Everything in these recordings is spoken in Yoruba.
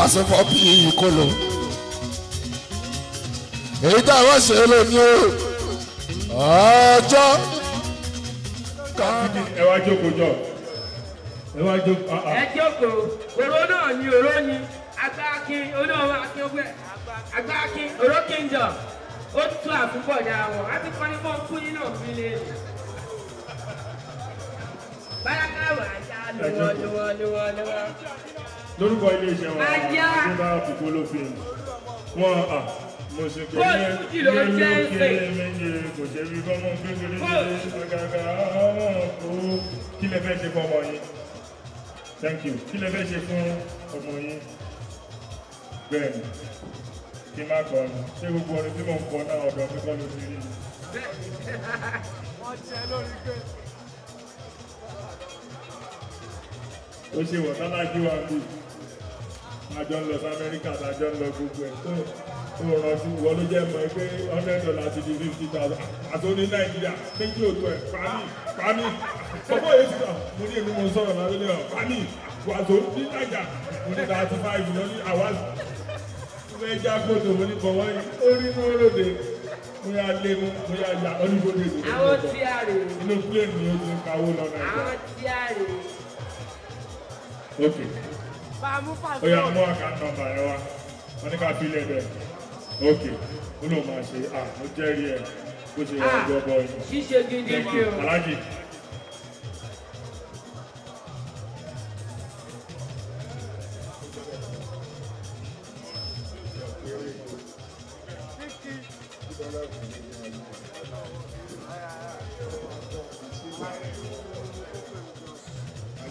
pàṣẹ fọ́ bí ikó lọ. èyí tá a wá ṣe lónìí o ọjọ́. ẹ wá jókòó jọ ẹ wá jókòó. Ah, ah. ẹ jókòó oró náà ni oró ni agbákin onáwó akin ọgbẹ agbákin orókè ń jọ ó wọn á ti kọ́ni fún ọkú yín náà fi lè lò. báyà káwá ajá lówó lówó lówó lówó lórúkọ iléeṣẹ́ wọn ní bá kòkó ló wọn à mo ṣe kò ní ilé olókèrè méje kò ṣe rí bọ́mọ gbégbélé ṣe gàgà àwọn kò kí lè fẹ́ ṣe fún ọmọ yín thank you kí lè fẹ́ ṣe fún ọmọ yín bẹ́ẹ̀ ni kí má kọ́ ọ́nà ṣé gbogbo ọdún tí mò ń kọ́ náà ọ̀dọ̀ mi kọ́ ló ti rí i. ó ṣe wọ̀ tálákì wa bíi àjọ ń lọ sí amẹ́ríkà àjọ ń lọ gbogbo ẹ̀ tó tó rántí wọ́n ló jẹ́ mọ́ pé hundred dollars ti di fifty thousand àti ó ní nàìjíríà méjì òtò ẹ̀ pàmì pàmì ọgbọ́n yìí ti sọ mo ní èmi mo sọ̀rọ̀ lábẹ́lẹ̀ ọ̀ pàmì wàtò ní nàìjà mo ní thirty five lọ ní àwáz ẹja gbọdọ mo ní bọwọ yìí ó rí mọ lóde mo yà lé mu mo yà yà ọlùbọdẹ lòdì àwọn tí a rè inú plẹ̀ mi ó ti Okay. Oh yá mú àkáǹtì nọ́mbà yẹn wá wọ́n ní ká fi ilé bẹ́ẹ̀ okay ó lóun ah, ṣe à ó jẹ́rìí ẹ̀ bó ṣe yà ọjọ́ bọ́ yìí. Ah, ṣíṣe gidi ni o.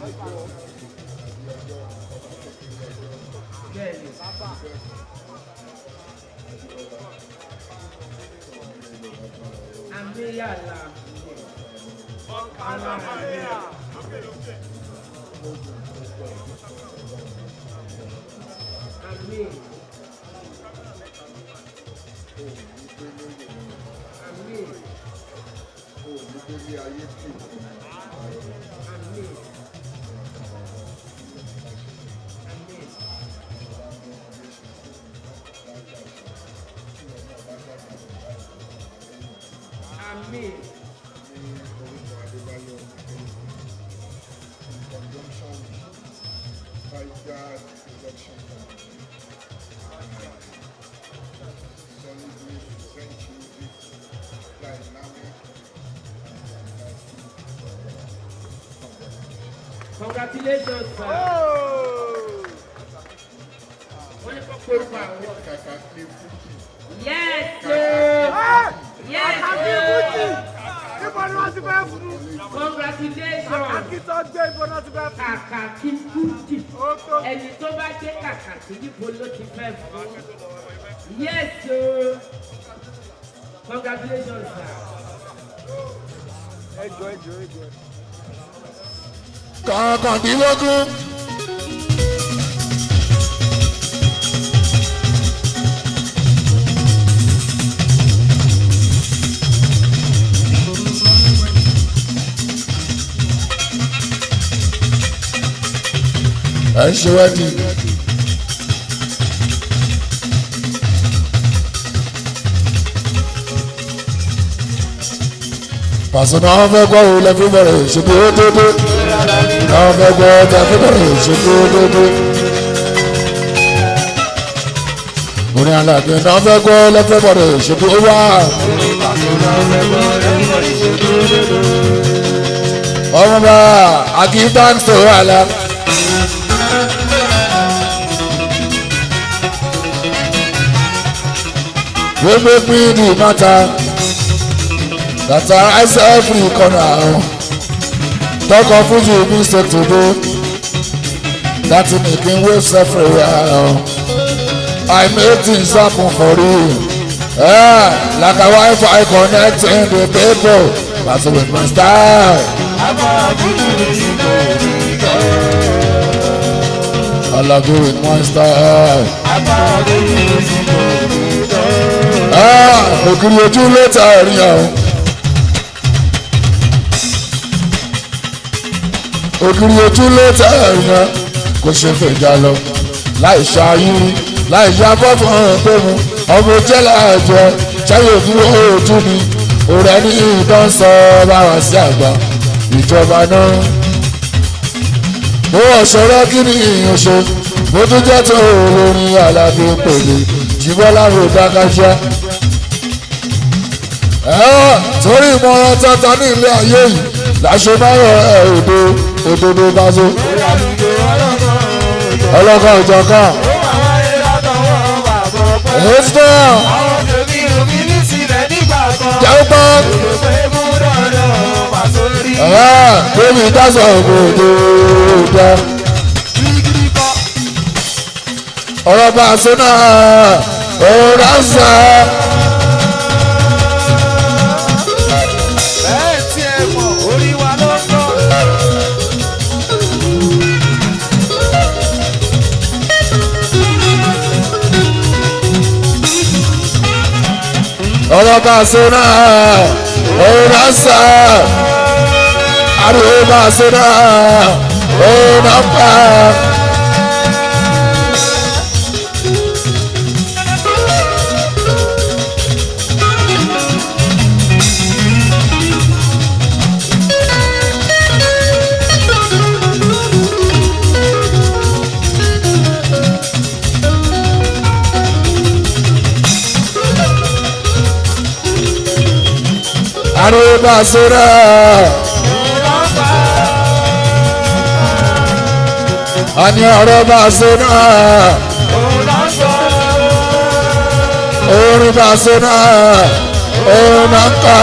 Thank you. Ameyala. Ọ̀kadà Maria. Lókè lókè. mi. orúkọ adébáyọ̀ akérèdọ́lù sir. Oh! Yes, sir. Yes, sir. Ah! náà ti fẹ́ fún. congratulations. kàkàkí tó gbé ibo náà ti fẹ́ fún. kàkàkí kúndì. ẹni tó bá gbé kàkàkí níbo ló ti fẹ́ fún. yes o. congratulations sir. ẹjọ ẹjọ ẹjọ. kàkàkí lógún. à ń ṣe wádìí. Pasuma àwọn fẹ́ gbọ́ òun lẹ́fí bẹ̀rẹ̀ ṣubú ó dédé àwọn fẹ́ gbọ́ ọjà fí bẹ̀rẹ̀ ṣubú ó dédé. orin aláàbí náà fẹ́ gbọ́ lẹ́fí bẹ̀rẹ̀ ṣubú ó wá. ọmọ bá akíntàn sọ̀rọ̀ àlàbí. They make me the matter that I eyes every corner. Talk of Fuji Mr. Today. That is making waves everywhere. I make things happen for you. Yeah, like a wife, I connect in the people. That's with my style. I love you with my style òkiri ah, ojú lẹ́tà àárín àwọn. òkiri ojú lẹ́tà àárín àwọn kò ṣe fẹ̀jà lọ láì ṣáyún láì ṣe abọ́fún ọ̀hún pé mu ọmọ jẹ́lá àjọ ṣáyé òdúró òòtú ni òrẹ́ ní ìdán sọ báwa sí àgbà ìjọba náà. mo ọ̀ṣọ́rọ́ kí ni ìyẹn ṣe mo tún jẹ́ tó olórin alábí pèlè jìbọ́lá ròdákájá Eh, torí ìmọ̀ràn tata ní ilé ayé yìí láṣẹ máa ń rọ èdè eh, òdodo bá so. ọlọ́kọ̀ ìjọba. Israel. jẹ́wọ́pá. bébí dáṣọ òdodo dá. ọ̀rọ̀ bá a sọ náà òun rà sá. ọlọ́ba sọ́nà ọ̀nà sà àrùn ọba sọ́nà ọ̀nà pa. Arébásúra. Ani Arébásúra. Orin Básúra. Orin Nanka.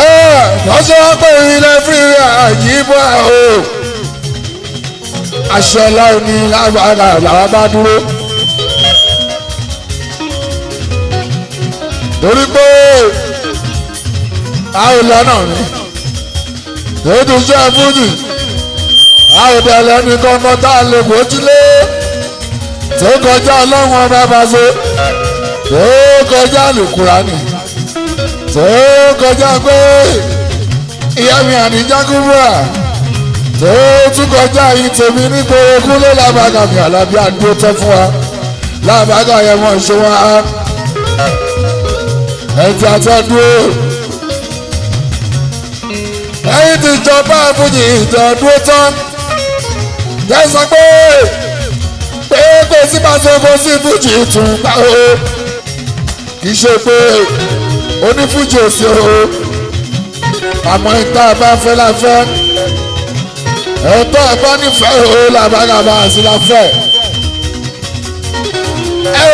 Ẹ́ẹ̀ lọ́sọ̀ pé ilẹ̀ fúri àyíbọ̀ o. Aṣọ ọlọ́run ni lágbára la ba dúró. Torí pé a ò lọ́nà rẹ̀ ètò iṣẹ́ fújì a ò dẹ̀lẹ́ nìkan kan tá a lè bójúlé tó kọjá ọlọ́run ọba bàṣẹ tó kọjá lùkùránì tó kọjá pé ìyá mi àdìjá kúbúrà tó tún kọjá yìí tèmi nígboro kúlé làbàgà mi àlàbí àdúró tẹ fún wa làbàgà yẹn mọ̀ ṣe wá ẹtì àtẹdúró ẹ̀yin ti jọba àfúnjì ìjọdúró tán tẹsán pé pé kò sí pàṣẹ sí fújì tún ká kì í ṣe pé onífújì ò o àmọ́ ìta bá fẹ́ la fẹ́ ẹ̀tọ́ ẹ̀kọ́ o làbàgàbà àti la ẹ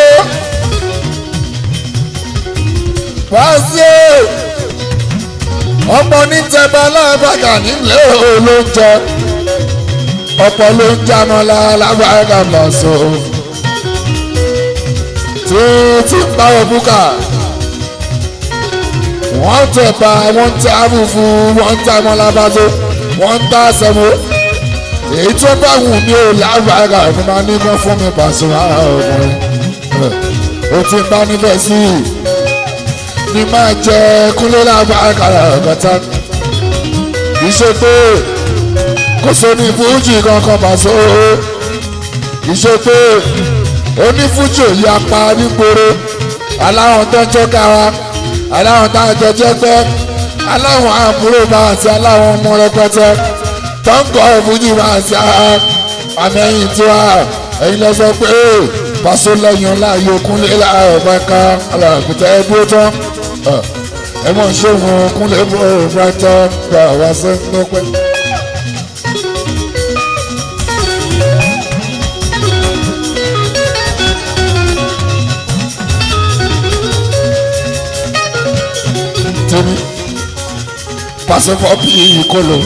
o. wáṣíò ọmọ nítẹ̀bà alábàgà nílé olóúnjẹ ọ̀pọ̀ ló ń jámọ́lá alábàgà lọ́sọ̀ tí tí ń bá òbúkà wọ́n tẹ̀bà wọ́n tẹ àbùfù wọ́n tẹ àmọ́lábàdó wọ́n tẹ àṣẹmó èyí tó bá wù mí O lábàgà ni máa ní mọ́ fún mi pàṣẹ àwọn ọmọ rẹ̀ ó ti bá níbẹ̀ sí i ni máa jẹ kúnlé lába àkàrà ọ̀gọ́ta kì í kò sóní fújì kankan pàṣẹ kì í onífújì ò yá pa nígboro aláwọn tó ń jẹ́ kára aláwọn tá a jọ jẹ́ pẹ́ àbúrò bá àti aláwọn ọmọ rẹpẹtẹ tó ń kọ́ fújì bá àti àmì ẹ̀yìn tiwa ẹ̀yin lọ sọ pé Paso lẹ́yìn ọlá yòókùn lé láàárọ̀ bá ká alàkùtà ẹbí ó tán ẹ mọ̀ ṣé wọn kúnlẹ̀ bọ̀ ráìtà gba àwa sẹ́ńtọ́ pẹ́. tèmi pàṣẹ fọ́ bí ìkọlù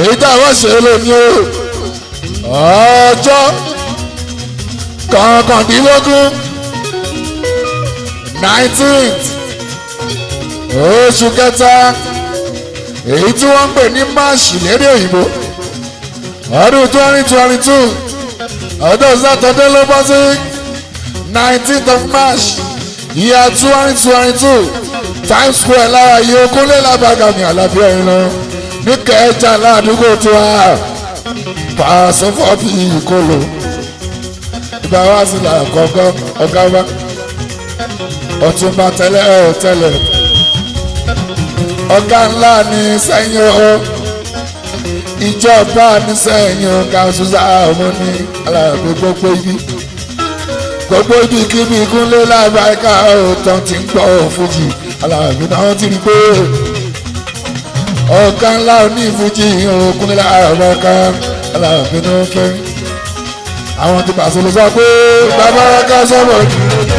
èyí tá a wá ṣe lónìí o ọjọ́ kọ̀ọ̀kan dín nineteenth oṣù kẹta èyí tí wọ́n ń pè ní máàṣì lédè òyìnbó ọdún twenty twenty two ọdún sátọdé ló bọ́ sí nineteenth of march year twenty twenty two times square lára iye okúnlé lábàgàmì àlàbí ẹ̀yìn lọ ní kẹjà ládùúgbò tiwa pàṣẹ fọ́ọ̀bì ìkọlù ìgbà wa sì là kọ̀ọ̀kan ọ̀gá wa ọ̀túnba tẹ́lẹ̀ tẹ́lẹ̀ ọ̀gá ńlá ní sẹ́yìn o ìjọba ní sẹ́yìn ọ̀gá ṣùgbọ́n àwọn ní aláàbò gbogbo ibi gbogbo ibi kíbi kúnlé lábàáká ọ̀tàn ti ń gbọ́ fújì aláàbò náà ti rí pé ọ̀gá ńlá ní fújì òkúnlé lábàáká aláàbò náà fẹ́ àwọn ti pàṣẹ lọ sọ pé bàbá ọ̀gá sọ̀rọ̀ jù.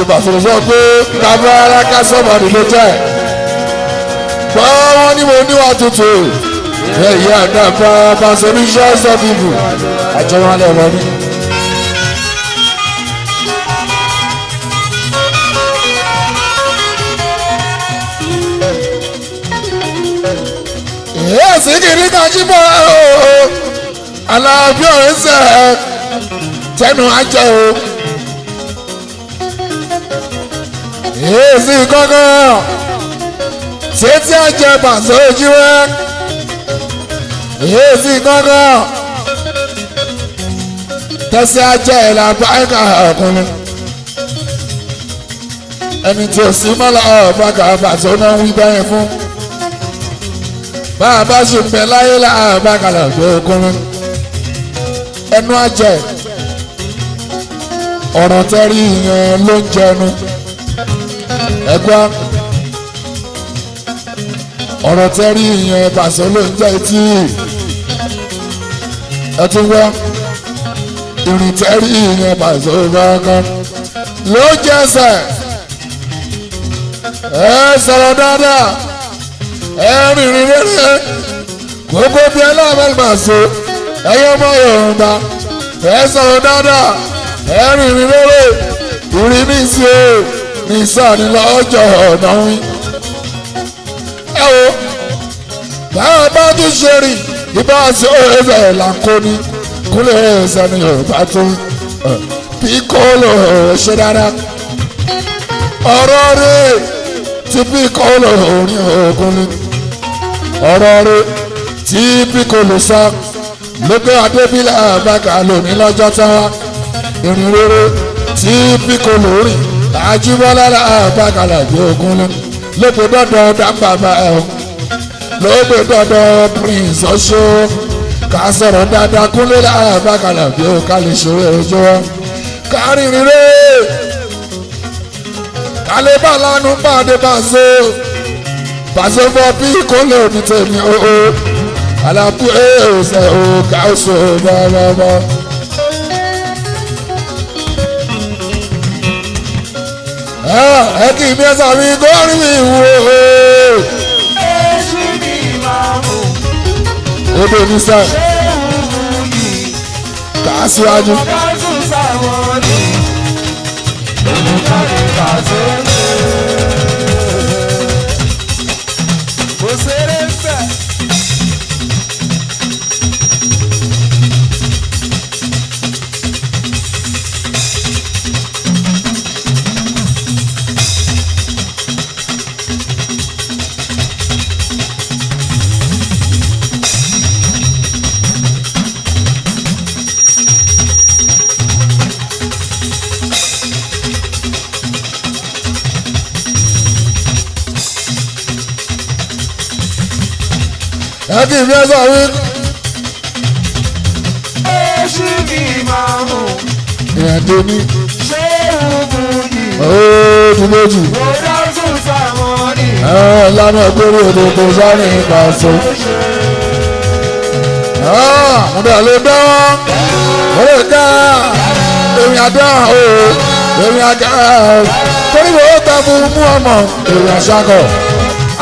tó bá sọ̀rọ̀ sọ pé bàbá aláka sọ̀bà nìló jẹ́ bọ́ wọn ní mo níwà tutù ẹ̀yà àdàbà pàṣẹmíṣẹ́ sọ́bìbù àjọwọ́n alẹ́ wọn ni. èsì kìíní kájí bọ́ ọ́ aláàbí ọ̀rẹ́sẹ̀ tẹnu ajẹ́ o. èsì kankan ṣé tí a jẹ pàṣẹ ojú rẹ èsì kankan tẹsí ajẹ ìlànà ẹka ọkùnrin ẹni tí ò sí mọ́lá ọ̀bá kàbà tó náà wí bẹ́yẹn fún bàbá ṣùgbọ́n láyé làbá kàlà tó ọkùnrin ẹnu ajẹ ọ̀rọ̀ tẹ́rí yẹn ló ń jẹnu ẹgbẹ́ ọ̀rọ̀ tẹ́rí ìyẹn pàṣẹ ló ń jẹ́ etí ẹ tún wá ìrìn tẹ́rí ìyẹn pàṣẹ kankan ló jẹ́sẹ̀ ẹ sọ̀rọ̀ dáadáa ẹ rìnrìn rere gbogbo bí ẹ náà mẹ́rin pàṣẹ ẹ yọ ọmọ Yorùbá ẹ sọ̀rọ̀ dáadáa ẹ rìnrìn rere ìrìn ní ìsìn ní sani lọ́jọ́ ọ̀nà wí. ẹ wo bá a bá tún ṣe rìn ibà ṣe ẹ̀fẹ̀ là ń kó ni kúlẹ̀ ni ọba tó bí kọ́ọ̀lù ṣe dára. ọ̀rọ̀ rẹ̀ ti bí kọ́ọ̀lù orin ogun ni ọ̀rọ̀ rẹ̀ tí bí kọ́ọ̀lù sá lókè adébílà bàkà lónìí lọ́jọ́ táwa ìrìn rere tí bí kọ́ọ̀lù rìn. Àjíbọ́lá àgbàkàlà jẹ́ ogun lọ lópe dọ́dọ̀ dábàbà ẹ̀ o lópe dọ́dọ̀ prince ọ̀ṣọ́ ká sọ̀rọ̀ dáadáa kúnlé àgbàkàlà bí o ká lè ṣòro ẹ̀rọ̀jọ́ kárìnrìn rẹ̀ kálé bá lánú pàdé Paso Paso fọ́ bí kò lè ní tèmi o o àlàbù ẹ̀ ọ̀sẹ̀ o ká ọ̀ṣọ́ bàbàbà. Ah, ẹ kì í bí ẹ sàmì gọ́rin mi wò ó. èṣù mi máa mú. ó bẹ ṣé òun ni. kà á ọ̀gá tún sáwọn ni. lórí ká lè bàjẹ́. kì í fi ẹ́ sọ wí. èṣù ni màmú. ìrìnàjò ní. ṣé òògùn yìí. ooo ti méjì. mo dáhùn sáwọn ni. ẹ lánàá gbére èdè tó sáré nípa ṣe. Ah, mo dà lè dán mo lè dá èmi àdá o èmi àdá torí mo ta fún mú ọmọ èmi àṣàkọ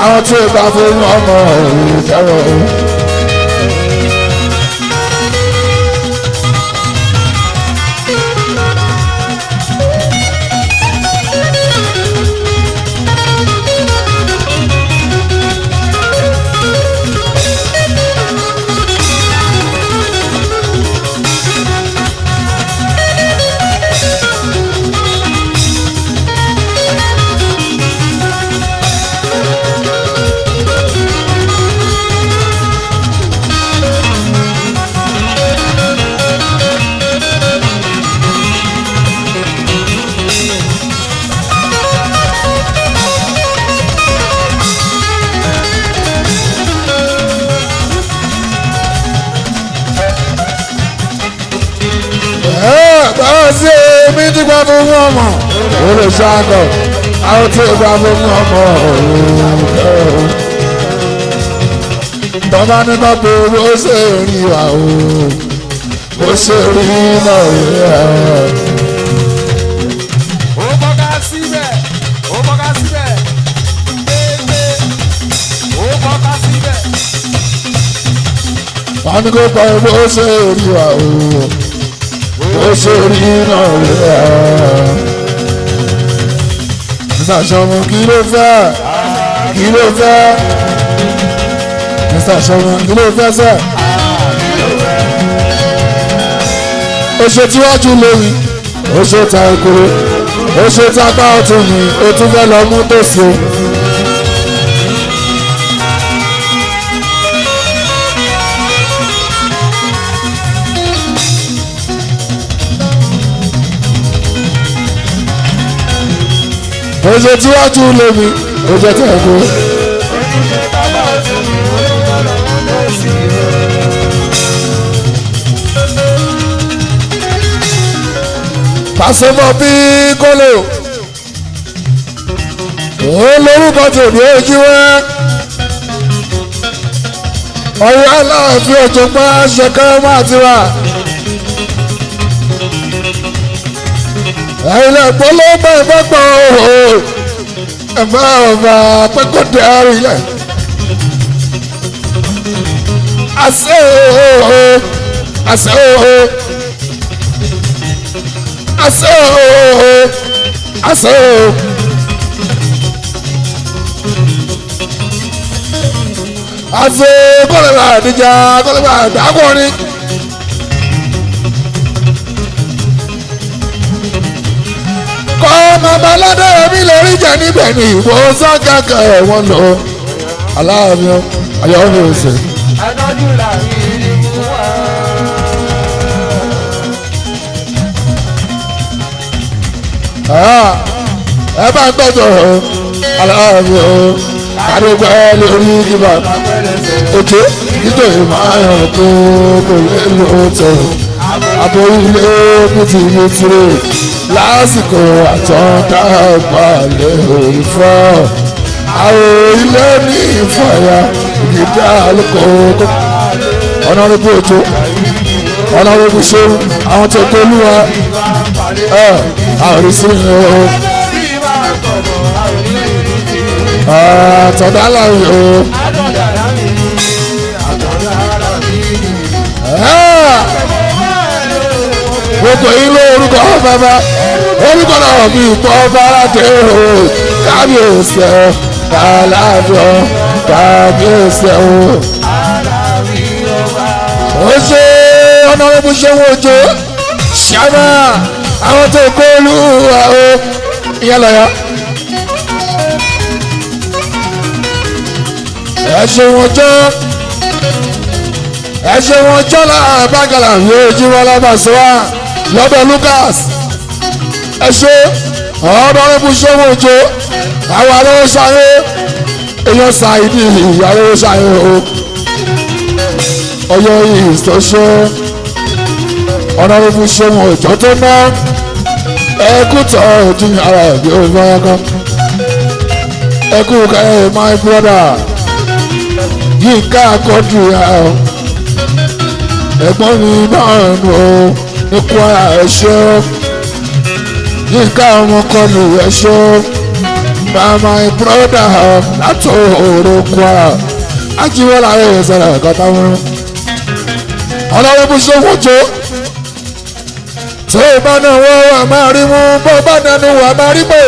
àwọn tí ó bá fún ọmọ òun fún mú ọmọ olùṣàgọ̀ àwọn tí ó bá fún mú ọmọ òun. bàbá ní bá pé owó ṣe rí wa o ó ṣe rí náà rí ẹ. Àmì kò pa owó ṣe rí wa o ó ṣe rí náà rẹ̀ á. Mr. Ṣọ̀ún kí ló fẹ́ kí ló fẹ́ Mr. Ṣọ̀ún kí ló fẹ́ sẹ́. Oṣù tíwájú lórí oṣù ta ekuru oṣù ta bá ọtún ni o tún fẹ́ lọ mú tòsí Ojo tí wọ́n tún lé mi ó jẹ́ tẹ̀ kú. pàṣẹmọ bí kólé o lórúkọ tòní ojú wẹ́ẹ́ ọ̀rọ̀ aláàfin ọ̀jọ̀gbọ́n ṣẹ̀kẹ́ máa ti wà. àìlẹ̀ pọ́lọ́ bá ẹ bá gbọ́ ẹ bá ọba pẹ́kọ̀ dé àrílẹ̀. àṣẹ ooo àṣẹ ooo àṣẹ ooo àṣẹ ooo. àṣẹ kọ́lẹ̀ bá àdìjà kọ́lẹ̀ bá àdàkùnrin. kọ́ ma ládàrá mi lè rí jẹ níbẹ̀ ni ìwọ sọ́kàkà wọn lọ. aláàbíọ́ ayọ̀ mi ò ẹ bá ń gbọ́dọ̀ aláàbíọ́ àdúgbò lórí ìgbà òkè nítorí máa yàn tó kò lè tẹ̀. aborílé mìtìmìtìrè lásìkò àtọ́ká balẹ̀ òrìfọ́ àwọn ilé ní ìfọ̀yà ìdá àlùkò ọ̀nàrẹ́bù ètò ọ̀nàrẹ́bù ṣeun àwọn tó tó lúwa ẹ̀ àrísí ni o. àtọ̀dá láàyè o. gbogbo yín ló orúkọ bàbá orúkọ náà fi ìtọ́ fárátẹ́ o kábíyèsí o kàlàbíọ́ kábíyèsí o. ó ṣe ọ̀nà ọ̀rẹ́bù ṣe wọ́n Ojo, ṣáná àwọn tó kó olú àwọn ìyẹn lọ́yà. ẹ wọn jọ́ ẹ wọn jọ́ láàbàgàlà ní ojúmọ́ lábàṣọ́ wa lọ́dọ̀ Lucas ẹ ṣe ọ̀ọ́dọ́rẹ́bù ṣòwò òjò àwọn arẹ́wọ́ ṣayé èèyàn ṣàìdí arẹ́wọ́ ṣayé o ọyọ ìṣọṣẹ ọ̀ọ́dọ́rẹ́bù ṣòwò òjò tó ná ẹkútọ̀ ojú ara ẹ̀gbẹ́ òmìnira ẹkú kẹ́hìn my brother yìí ká akọ́jú ẹ̀gbọ́n mi náà nù o ní Kwara ẹ ṣé o Yínká Ọmọkọlù ẹ ṣé my brother, broda látò òru Kwara ajiwọlá ẹ sọ̀rọ̀ ẹkọ táwọn ọlọ́wọ́ bó ṣe wọjọ tó bá náà wọ́n wà máa rí mú bó bá dánú wà máa rí pé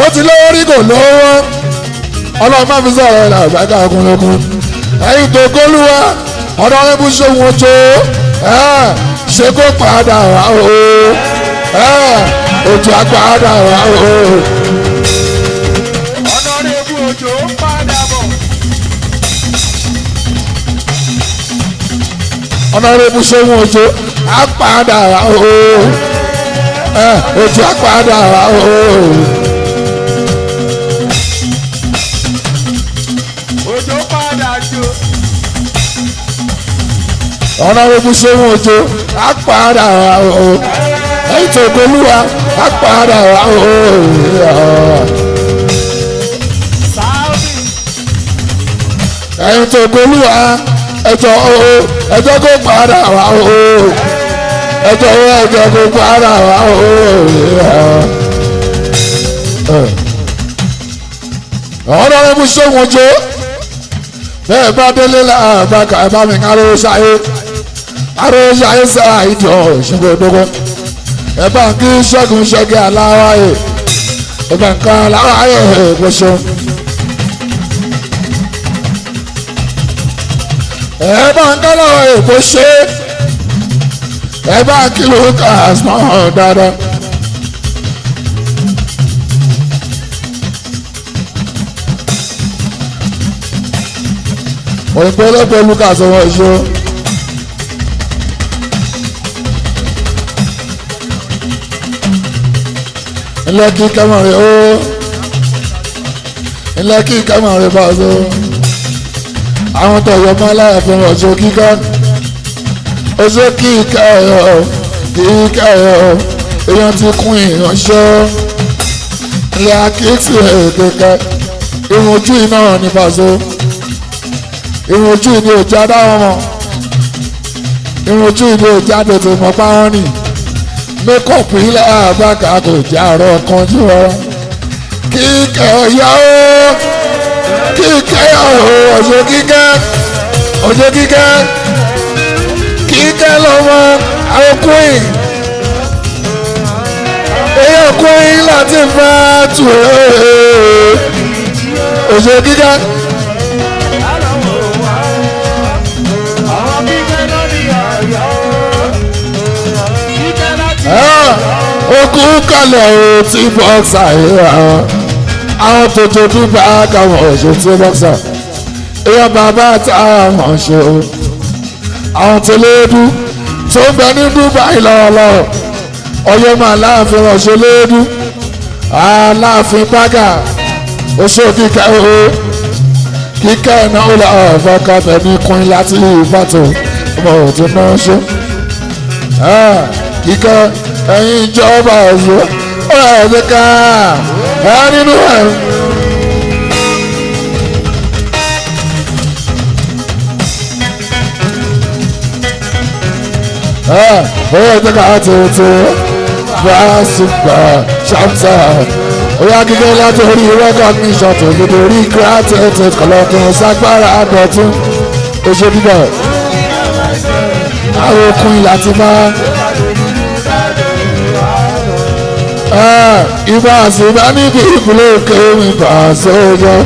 ó ti lọ́wọ́ rí kò lọ́wọ́ ọlọ́run má fi sọ̀rọ̀ ẹ̀ làgbàgà ọkùnrin ọkùnrin ẹ̀yin tó kọ́lùwà ọ̀dọ́ ọ̀rẹ́bùsọ̀ wọn tó ṣé kó padà wá o òjò á padà wá o. ọ̀nà rẹ̀ bu òjò padà bọ̀. ọ̀nà rẹ̀ bu sóhun òjò á padà wá o òjò á padà wá o. ọ̀nà rẹ̀ bu sóhun òjò á padà wá o ètò ìgbòlúwa á padà wá o. ẹ̀yin tó gbólúwa ẹjọ́ o ẹjọ́ kó para wá o ẹjọ́ o ẹjọ́ kó padà wá o. ọ̀rọ̀ rẹ̀ mú sóhun jó bẹ́ẹ̀ bá délé làbàkà ẹ̀ bá mi kárò sáyé arẹ́sà ẹ̀sà ìjọ ìṣẹ́gbẹ̀dọ́gbọ́ ẹ̀bá ń kí ṣẹ́gun ṣẹ́gi aláwáyé ẹ̀bá ń kan aláwáyé ẹ̀gbọ́sọ. ẹ̀bá ń kan aláwáyé ẹ̀gbọ́sọ ẹ̀bá ń kí Lucas náà dáadáa. òyìnbó lọ́pọ̀ Lucas ọmọ ìṣó. ńlẹ́kí kámọ̀rẹ́ ó ńlẹ́kí kámọ̀rẹ́ bá a lọ àwọn tọ̀yọ̀ mọ́ aláàfin ọ̀ṣọ́ kíkọ́ ọṣọ́ kí káyọ̀ kí káyọ̀ èèyàn ti kún ìránṣẹ́ ńlẹ́kí tí ẹ̀ kẹ́kẹ́ irun ojú iná ní bàzọ́ irun ojú ìdí òjá dáhùn mọ́ irun ojú ìdí òjá tètè mọ́ páwọn nìyí mẹ́kọ̀pù ilẹ̀ àbáka ah, kò jẹ́ àárọ̀ kan tí wọ́n kíkẹ́ ọ̀yá o kíkẹ́ ọ̀hún ọ̀ṣọ́ kíkẹ́ ọ̀ṣọ́ kíkẹ́ kíkẹ́ lọ́mọ ọkùnrin èyí ọkùnrin láti máa tù ẹ́ ọ̀ṣọ́ kíkẹ́. kú kalẹ̀ o tí bọ́ksà yìí àwọn tuntun dúpẹ́ àkàwọn ọ̀ṣun tí bọ́ksà ìyá bàbá àtàwọn ọ̀ṣun àwọn tẹlẹ́dú tó ń bẹ ní Dubai lọ́wọ́lọ́wọ́ ọyọ́ máa láàfin ọ̀ṣun lẹ́dú aláàfin bága oṣù kíkà o kíkà ìnáwó làwọn ọ̀fọ̀ kàfẹ́ ní kún láti ìfàtò ọmọ òtún náà ṣe ah, kíkà ẹ̀yin ìjọba ọ̀ṣọ́ ó yà ẹ̀ṣẹ̀ ká ẹ̀ nínú ẹ̀. ó yà ẹ̀ṣẹ̀ ká tuntun fásùgbà ṣàmùsà ó yà kíkẹ́ láti orí recognition tó gbogbo orí gratitude kọ̀lọ́kùn ságbára àdọ̀tún oṣù bíbọ̀ àwọn okùn ìlà ti máa ibà síbá níbi ìpínlẹ̀ èkó mi bà sọ́jọ́.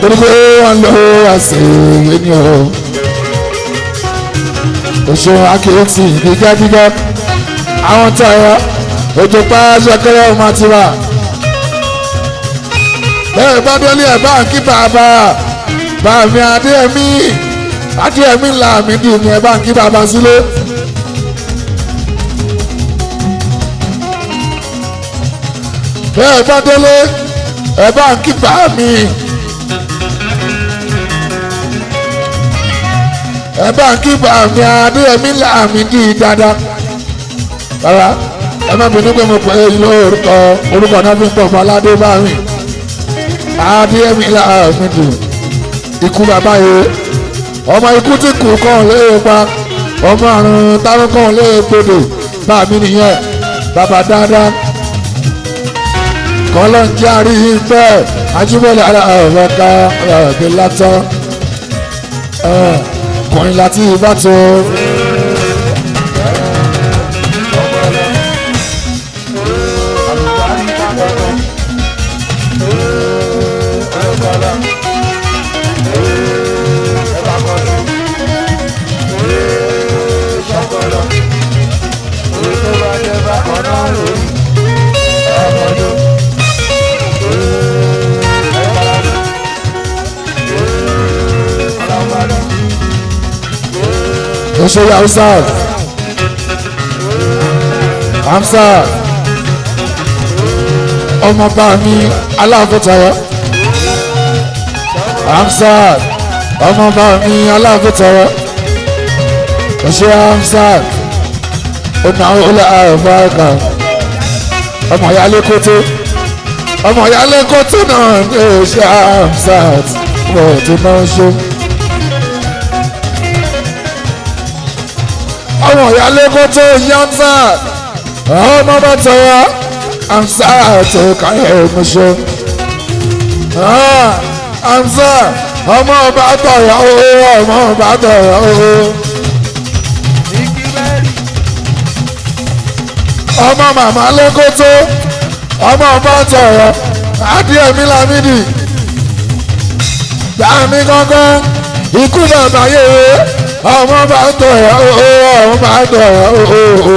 torí pé wọ́n lọ àṣeyẹ ni o. oṣù akéètì ní gádígá àwọn tọ̀yọ̀ ojú pàṣẹ kẹrẹ́ ọmọ ti wà. bẹ́ẹ̀ bá délé ẹ̀ bá ń kí bàbá bàmí adé ẹ̀mí adé ẹ̀mí làmídìí ni ẹ̀ bá ń kí bàbá sílé. bẹ́ẹ̀ bá délé ẹ bá ń kí bá mi. ẹ bá ń kí bá mi adéyẹmí làmì dì dáadáa. rárá ẹ má bínú pé mo pè é lórúkọ orúkọ náà fi ń pọ̀ fọládé bá rìn adéyẹmí làmì dì ikú bàbá yìí ọmọ ikú tí kù kàn lè e pa ọmọ àrùn tárùn kàn lè e gbòdò bá mi nìyẹn bàbá dáadáa kọ́lọ́ ń jẹ́ àríyìn fẹ́ ajíbọ̀lẹ̀ ara ọ̀rọ̀ ká ọ̀rọ̀ gbé látọ́ kọrin láti ìbátan. ó ṣe yà Hamzat Hamzat ọmọọba mi aláàbòtayọ Hamzat ọmọọba mi aláàbòtayọ ó ṣe Hamzat ọ̀nà ọ̀là àbáàkà ọmọ ìyá lẹ́kọ́tẹ́ ọmọ ìyá lẹ́kọ́tẹ́ náà ó ṣe Hamzat wọ́n ti máa ń ṣe. ọmọ ìyá lẹ́kọ́ tó yántà ọmọ bàtà wa àmsà àti káyọ̀ ẹ̀mọ́ṣẹ́ àmsà oh, ọmọ bàtà ìyàwó ọmọ bàtà ìyàwó. ọmọ màmá lẹ́kọ́ tó ọmọ bàtà ìyàwó adìẹ mi lámìdì gbàmí gángan ikú bàbá yẹ̀wò ọmọ bá tọ̀ ẹ́ o ọmọ bá tọ̀ ẹ́ o.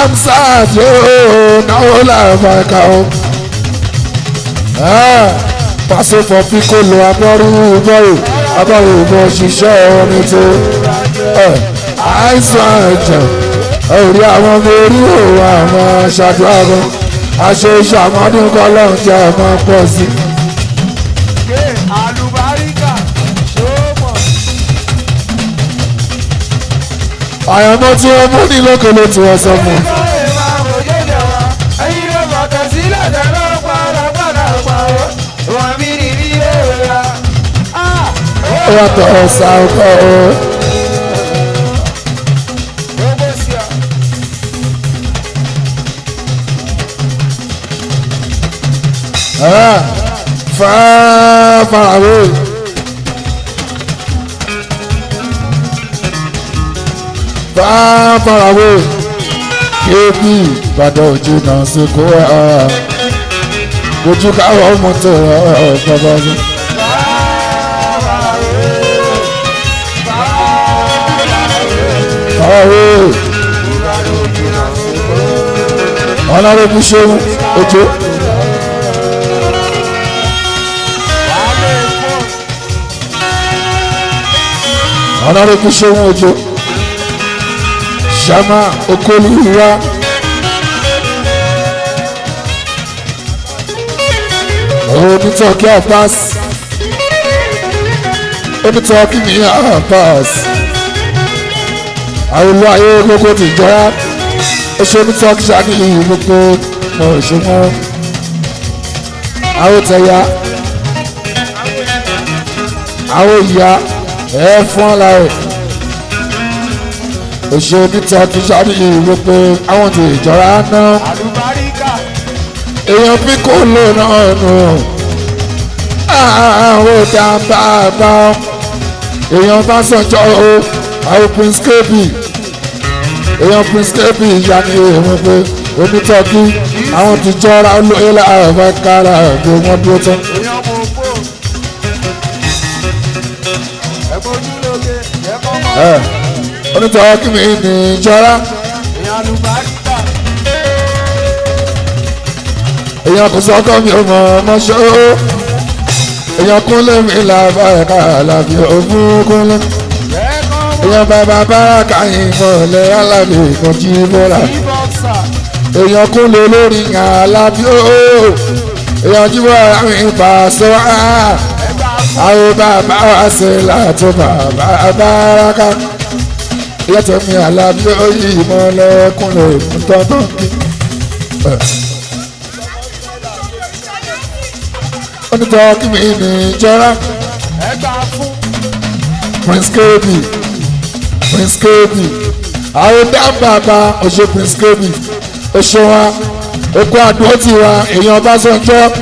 Amsat yóò náwó làbàkà o. Pàṣẹ fọ píkòlò abọ́rú bọ́rù abọ́rú mọ ṣiṣẹ́ orin tó. Eh, àìsàn àjọ orí àwọn ọmọ orí òun àwọn aṣáájú àwọn aṣojú àwọn ọdún kọ́lọ́ọ̀jẹ́ ọmọ pọ̀ sí i. àyànmọ́ tí wọ́n mú ní lọ́kàn ló ti wọ́n sọ fún un. What the sound of Ah, far, far away. bá farawé kébì ìbàdàn ojú náà ṣe kó wá ojú káwọn ọmọ tó ọgbà bá ṣe. farawé ọlọ́run ṣe ojú. ọlọ́run ṣe ojú. Shama Okoliwa. Onítọ̀kí Abbas. Onítọ̀kí ní Abbas. Àwòlú ayé gbogbo ti jọra. Oṣù onítọ̀kí ṣáàkìlì gbogbo mọ̀ I will Àwòtẹ́yà. Àwòyà fun láwẹ̀ òṣè oníta tún sáré yìí ló pé àwọn ti ìjọra ná. èèyàn bí kò lò náà nù àwọn ọ̀dà bàbá èèyàn bá sọjọ́ o àwọn prince èèyàn prince kb ìyá pé onítọ́jú àwọn ti jọra olóyè láàbá kára àgbè wọn dúró tán. Yeah onítọ̀ kí mi ní ìjọra. èèyàn kò sọ́kọ́ mi ò mọ̀ ọmọ ṣó. èèyàn kúnlé mi làbá ẹ̀ka àlàbí òfin kúnlé. èèyàn bàbá bára káyìn mọ̀lẹ́ alábì ìkànjí bọ́lá. èèyàn kúnlé lórí àlàbí òó. èèyàn jíwọ́ ara mi pàṣẹ wá. àwọn bàbá wa ṣe látọ̀ bàbá bára káyìn yẹtọmi alábí oyè ìmọ̀lẹ́kùnlé ìmútọ́tọ́ onítọ̀ kíbi ní ìjọra prince kb prince kb àwọn dábàbà ọ̀ṣẹ́ prince kb ọ̀ṣẹ́ wa okó àdúrótì wa èèyàn Ọbásanjọ́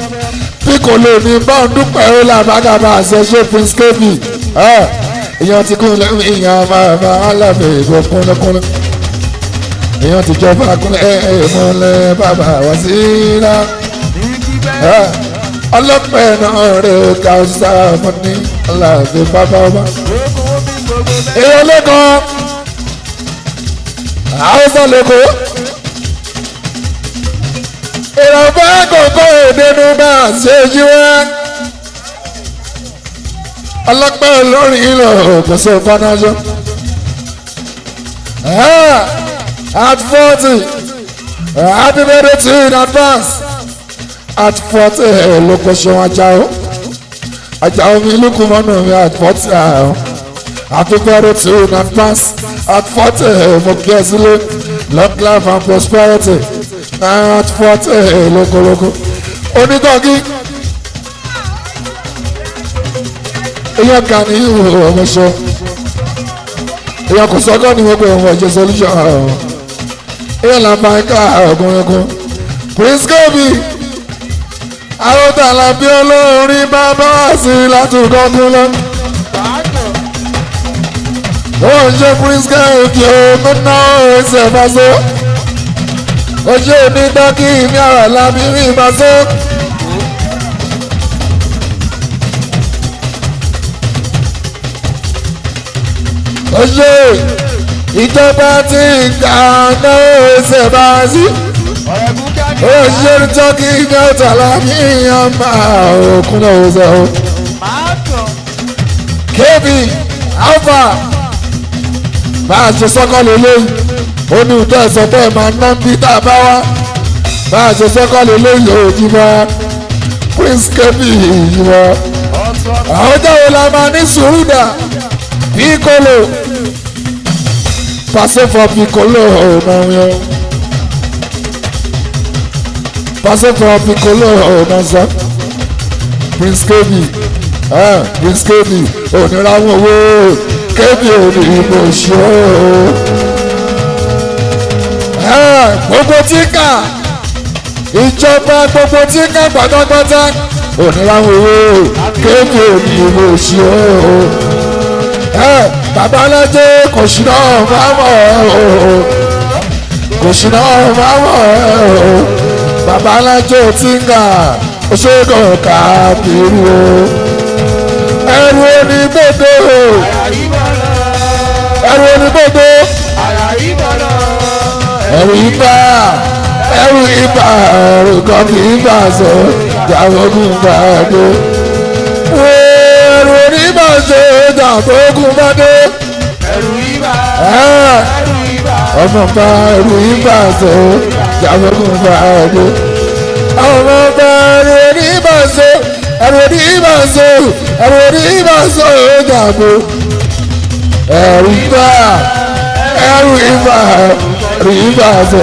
bí kò lè ní bọ́ọ̀dù pẹ̀lú làbágàbà àṣẹ ṣe prince kb èèyàn ti kún lẹ́rù èèyàn máa máa alábẹ̀ ìgò kúnlẹ́kúnlẹ́ èèyàn ti jọba kúnlẹ̀ ẹ̀ẹ́mọ́lẹ́ bàbá wá sí iná ọlọ́pẹ́ náà rẹ̀ kàṣà mọ́ ní aláàbẹ̀ bàbá wa. èèyàn lẹ́kọ̀ọ́ àwòsàn lẹ́kọ̀ọ́ ìrọ̀bá kòkó òdenu máa ṣe yí wá ọlọ́pẹ́ olórin ìlọ òkòsó fanájọ. Ah, at forty happy birthday to you in advance at forty olókòsó ajáò ajáò mi lókun mọ́nà mi at forty ààrùn ah, happy birthday to you in advance at forty mo kí ẹ sílé long life and prosperity ah, at forty lókòlókò onítọ̀gí. èyàn kan ní ìwò ọmọ sọ èyàn kò sọ́kọ́ ní gbogbo ẹ̀wọ̀n ẹ̀jẹ̀ solution èyàn làbá ẹ̀ka ọ̀gùnrẹ́gùn prince kobe àròtàlà bí olórin bàbá sí látùkọ́ tó lọ. ó ń ṣe prince kobe ọmọdé ẹsẹ̀ fásó ó ṣe onígbàkí ní àrà lábí rí fásó. ṣe ìjọba tí ìgbà náà ṣe bá sí. ó ṣe ní tọ́kì ní ọ̀tà lábí ìyàn máa òkun náà ó sọ. kébì alfa bá a ṣe sọ́kọ́ lélẹ́yìn ó ní ìtọ́ ẹ̀sọ́ tẹ́ ẹ̀ máa ná bí tá a bá wá bá a ṣe sọ́kọ́ lélẹ́yìn ó ti máa prince kébì yìí wá. àwọn jáwé la máa ní sùúrù dà bí kò lò. Paso for Piccolo oh, Manyo. Paso for Piccolo oh, Manza. Prince Kevin. Ah, Prince Kevin. Oníràwọ̀ wo Kevin onímọ̀ ṣọ́. Gbogbo tí kà ìjọba gbogbo tí kà pátápátá oníràwọ̀ wo Kevin onímọ̀ Ah babalájé kò ṣìnà mámọ́ ẹ o kò ṣìnà mámọ́ ẹ o babalájé tíngà oṣogo káàkiri o ẹrù oní gbogbo ẹrù oní gbogbo ẹrù ibà ẹrù ibà ẹrù kan kì í bà sọ jàwọ́gùn gbàgbó ẹrù oní bà sọ jàwọ́gùn gbàgbó ọmọ bá rí bá ṣe ìyàwó mi bá rí. ọmọ bá rí bá ṣe ẹ̀rọ rí bá ṣe ẹ̀rọ rí bá ṣe ìyàwó. ẹ̀rù bá ẹ̀rù bá rí bá ṣe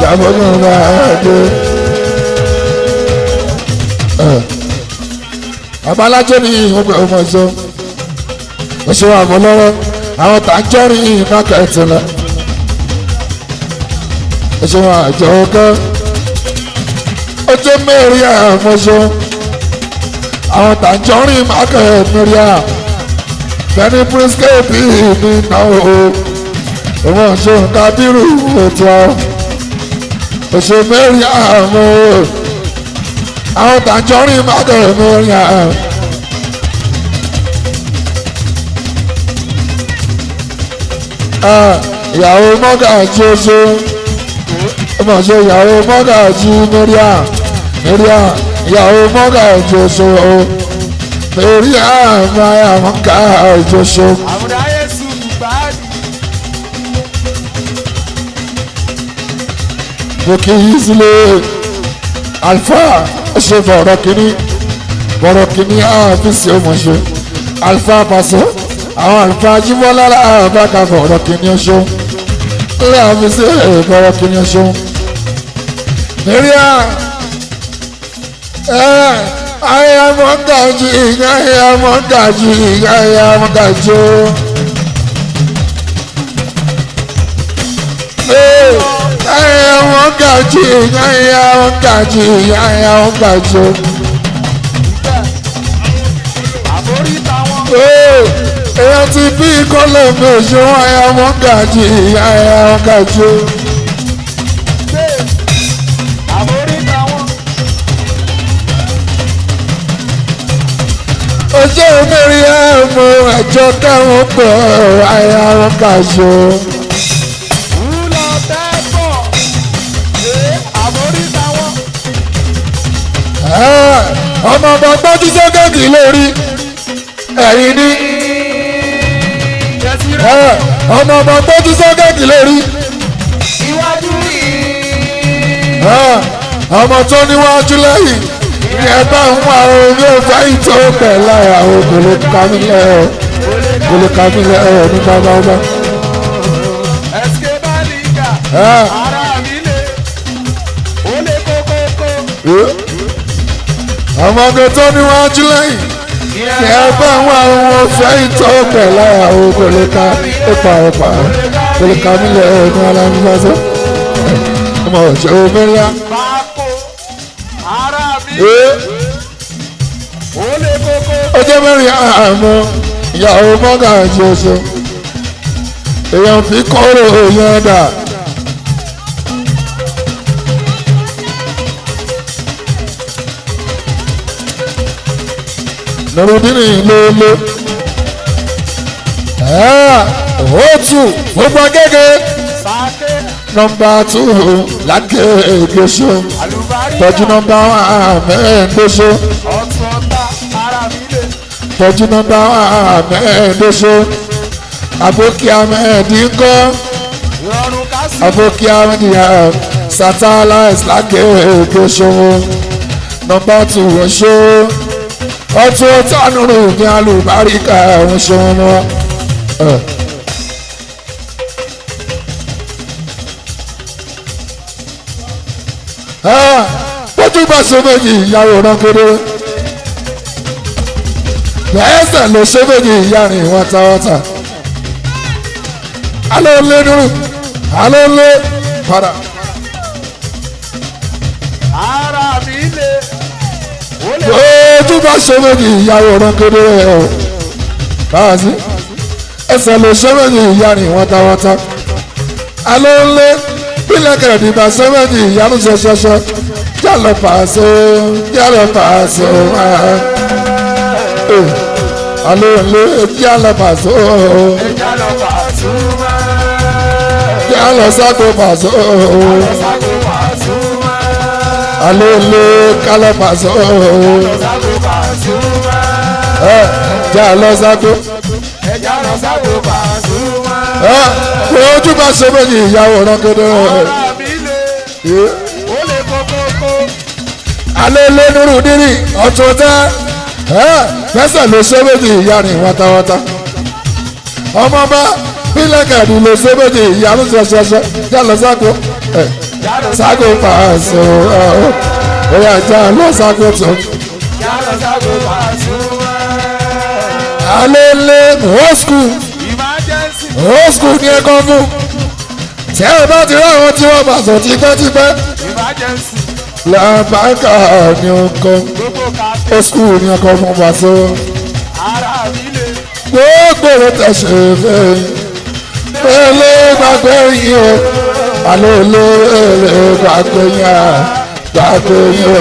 ìyàwó mi bá rí. babalájẹ́ ni ìhùn ọmọ ìṣọ́ ọṣọ́ àbọ̀lọ́rọ́ àwọn tá a jẹ́rìn ìmákẹ́tì lọ. ẹ ṣe wọn àjọ ọkọ ojú mẹ́rin àmọ́ṣọ àwọn tá a jẹ́rìn ìmákẹ́tì mẹ́rin à fẹ́ni prínsíkèpì mi náà o ìwọ̀n ṣe nǹkan dírú ètò àwọn oṣù mẹ́rin àmọ́ àwọn tá a jẹ́rìn ìmákẹ́tì mẹ́rin à. Ah, ìyàwó mọ́gàjí oṣù ọmọ ṣe ìyàwó mọ́gàjí mẹ́ríà mẹ́ríà ìyàwó mọ́gàjí oṣù o mẹ́ríà máa mọ́gàjí oṣù. mo kì í sílé alfa ṣe bọ̀rọ̀ kínní bọ̀rọ̀ kínní àfíìsì ọmọ ṣe alfa pàṣẹ àwọn àlùfáà jíbọ́ lára àbáka fọ̀rọ̀ kìnìún ṣó láàbí sí ìfọ̀rọ̀ kìnìún ṣó. nírí à ẹ ayé amọ̀gàjì ìyá ayé amọ̀gàjì ìyá ayé amọ̀gàjì ó. ayé amọ̀gàjì ìyá ayé amọ̀gàjì ìyá ayé amọ̀gàjì ó. èèyàn ti bí kọ́lọ̀ mi ò ṣe wọ́n ẹ̀yà wọn gàjì ẹ̀yà wọn gàjì o. ojú mẹ́rin ẹ̀mú ẹ̀jọ́ kẹ́hún pẹ̀ ẹ̀yà wọn gàjì o. ọmọ ọmọ gbọ́dọ̀ sọ́kẹ́kì lórí ẹ̀yìn ní. ọmọ ọmọ tó tún sọ́kẹ́tì lórí. iwájú yìí. ọmọ tó níwájú lẹ́yìn ni ẹ ń wá o ní ọjà ìtọ́ pẹ̀ lára o ọ ní bàbá ọba. ní ẹgbẹ́ wọn àwọn fẹ́ ìtọ́ pẹ̀lá àwọn kò lè ka ipa ọ̀pá kò lè ka nílẹ̀ ẹ̀gbọ́n alámúlásẹ́ ọmọ ọ̀jẹ̀ omíńlá. ọjọ́ mẹ́rin àmọ́ ìyàwó mọ́gàjì oṣù èèyàn fi kọ́rọ̀ òyìn ọ̀dà. nurudini lólo ah, òtù gbogbo agége nọmba tù lágégeṣó tọ́jú nọmba mẹ́ẹ̀ẹ́dẹ́ṣó tọ́jú nọmba mẹ́ẹ̀ẹ́dẹ́ṣó àbókí amẹ́ẹ̀dínkọ́ àbókí amẹ́ẹ̀dínkọ́ satellite lágégeṣó nọmba tù wọ́ṣó ọtún tánúrù ní alùbáríkà ń ṣeun wọn. bójú bá ṣe méjì ìyàwó kéré lẹ́sẹ̀ ló ṣe méjì ìyàrin wọ́tawọ́ta alóńlé dúró alóńlé padà. lójú bá ṣe méjì ìyàwó rán kedere o káàsì ẹsẹ̀ ló ṣe méjì ìyá rìn alẹ́ ńlẹ́ bílẹ̀ kẹ̀rẹ̀dì bá ṣe méjì ìyá ló ṣe ṣẹṣẹ jálọ pàṣẹ jálọ pàṣẹ alẹ́ ńlẹ́ jálọ pàṣẹ jálọ sàkó pàṣẹ alele kálọ̀ pàṣọ. ẹ jà lọ sago. ẹ jà lọ sago Pasuma. ẹ kò ojú bá ṣe méjì ìyàwó rán kéde. alele nuru diri ọ̀tún tẹ́ ẹ lo ló ṣe méjì ìyá rìn wátawátá. ọmọ bá pílẹ̀kẹ̀dì ló ṣe méjì ìyá ló ṣẹṣẹṣẹ jà lọ sago sago pàṣẹ oya jà lọ sago tó. alele whole school whole school ní ẹ̀kọ́ fún tí ẹ bá ti rí àwọn tí wọ́n pàṣẹ tipẹ́tipẹ́ làbákà ní ọkọ whole school ní ẹ̀kọ́ fún pàṣẹ gbogbo tẹ̀sẹ̀ fẹ́ fẹ́ lé gbàgbé yìí o alólèrè gbàgbéyà gbàgbéyà.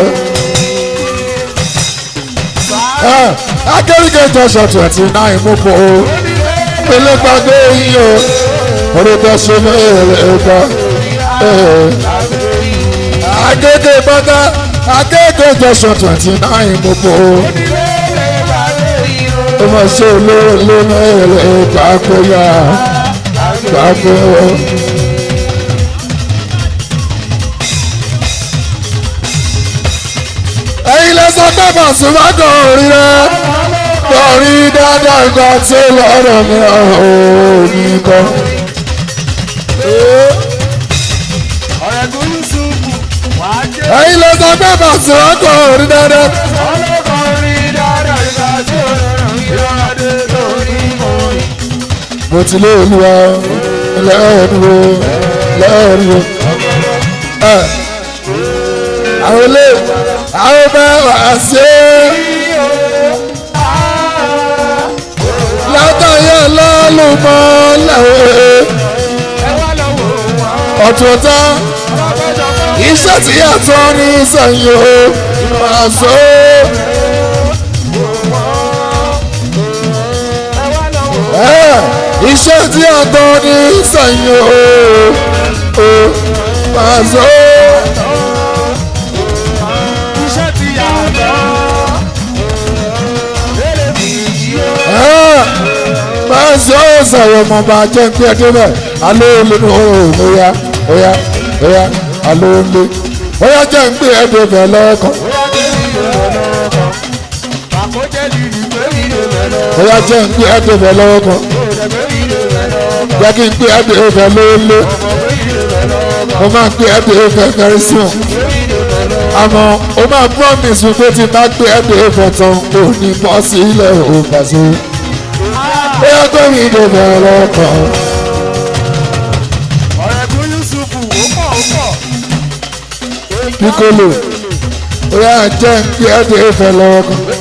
akérèké tẹsán twenty nine mú kó pélé gbàgbéyà orúkọ sọmọ èrè gbà. akérèké bọ́tà akérèké tẹsán twenty nine mú kó ọmọ sí olóòlù náà èrè gbàgbéyà gbàgbéyà. pé Pasuma dọ̀rin rẹ̀ dọ̀rin dáadáa nǹkan tí lọ́rọ̀ mi ọ̀hún mi kọ́. ẹ̀yin lè sọ pé Pasuma dọ̀rin dáadáa. mo ti lé olúwa lẹ́ẹ̀dúró lẹ́ẹ̀dúró. àwọn olóòwò a ó bá wà ṣe é. látàyè lálùmọ́ lẹ́wẹ̀. ọ̀tún tá iṣẹ́ tí yàtọ̀ ní sẹ́yìn o máa sọ ó. iṣẹ́ tí yàtọ̀ ní sẹ́yìn o máa sọ ṣe ó sọ̀rọ̀ mọ̀ bá jẹ́ pé ẹ débẹ̀ alẹ́ olórí ooo oya oya oya alẹ́ olórí oya jẹ́ pé ẹ débẹ̀ lọ́kàn. oya jẹ́ pé ẹ débẹ̀ lọ́kàn. jẹ́ kí n pé ẹ débẹ̀ lọ́lẹ́. mo máa ń pé ẹ débẹ̀ very soon àmọ́ o máa promise pé tí n bá pé ẹ débẹ̀ tán kò ní bọ́ sí ilẹ̀ òun pàṣẹ bóyá tó mi dèbè lọ́kọ̀. ọ̀rẹ́gun Yusuf ó pọ̀ ó pọ̀. Piccolo bóyá jẹ́ kí ẹ dèbè lọ́kọ̀.